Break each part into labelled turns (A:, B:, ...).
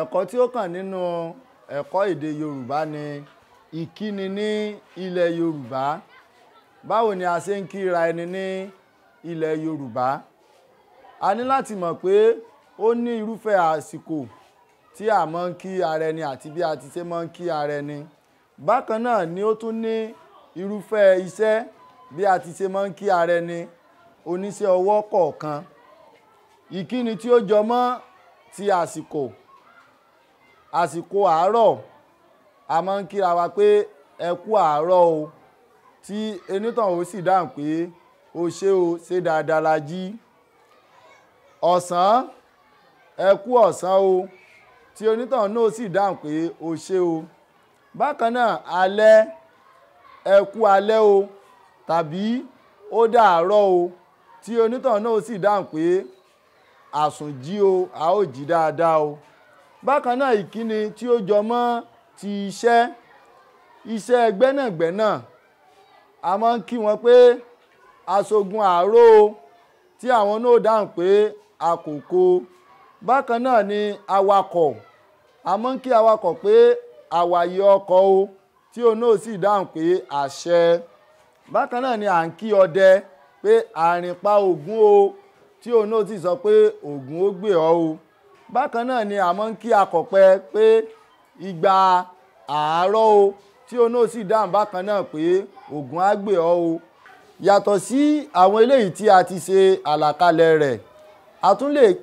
A: ẹ̀kọ́ tí ó kàn nínú ẹ̀kọ́ èdè Yorùbá ni ìkíni ní ilẹ̀ Yorùbá báwo ni a ṣe ń kíra ẹni ní ilẹ̀ Yorùbá a ní láti mọ̀ pé ó ní irúfẹ́ àsìkò tí a máa ń kí ara ẹni àti bí a ti ṣe máa ń kí ara ẹni bákan náà ni ó tún ní irúfẹ́ iṣẹ́ bí a ti ṣe máa ń kí ara ẹni oníṣẹ́ ọwọ́ kọ̀ọ̀kan ìkíni tí ó jọ ti àsìkò àsìkò àárọ̀ a máa ń kíra wa pé ẹ kú àárọ̀ o tí enítàn ó sì dáhùn pé o ṣé o ṣe dáadáa la jí ọ̀sán ẹ kú ọ̀sán o tí onítàn náà sì dáhùn pé o ṣé o bákan náà alẹ́ ẹ kú alẹ́ o tàbí ó dàárọ̀ o tí onítàn náà sì dáhùn pé àsùnjí o a ó jí dáadáa o bákan náà ìkíni tí ó jọ mọ́ ti iṣẹ́ iṣẹ́ gbẹ́nàgbẹ́nà a máa ń kí wọn pé aṣogun àárò tí àwọn náà dáhùn pé àkókò bákan náà ni awakọ̀ a máa ń kí awakọ̀ pé àwàyè ọkọ̀ o tí òun náà sì dáhùn pé àṣẹ bákan náà ni à ń kí ọdẹ pé àrìnpa ògún o tí òun náà sì sọ pé ògún ó gbè ọ́ o bákan náà ni àmọ́ ń kí akọ̀pẹ pé ìgbà àárọ̀ o tí o náà sì dáhùn bákan náà pé ògùn á gbè ọ́ o yàtọ̀ sí àwọn eléyìí tí a ti ṣe àlàkalẹ̀ rẹ̀ a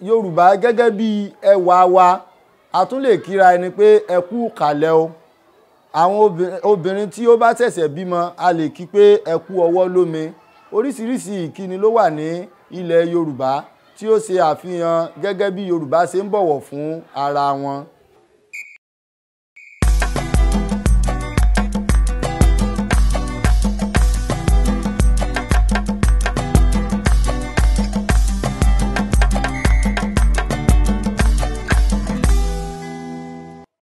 A: Yorùbá gẹ́gẹ́ bí ẹwà wa a kíra ẹni pé ẹ kàlẹ̀ o àwọn obìnrin tí ó bá ṣẹ̀ṣẹ̀ bímọ a lè kí pé ẹ kú ọwọ́ lómi oríṣiríṣi ìkíni ló wà ní ilẹ̀ Yorùbá tí ó ṣe àfihàn gẹ́gẹ́ bí Yorùbá ṣe ń bọ̀wọ̀ fún ara wọn.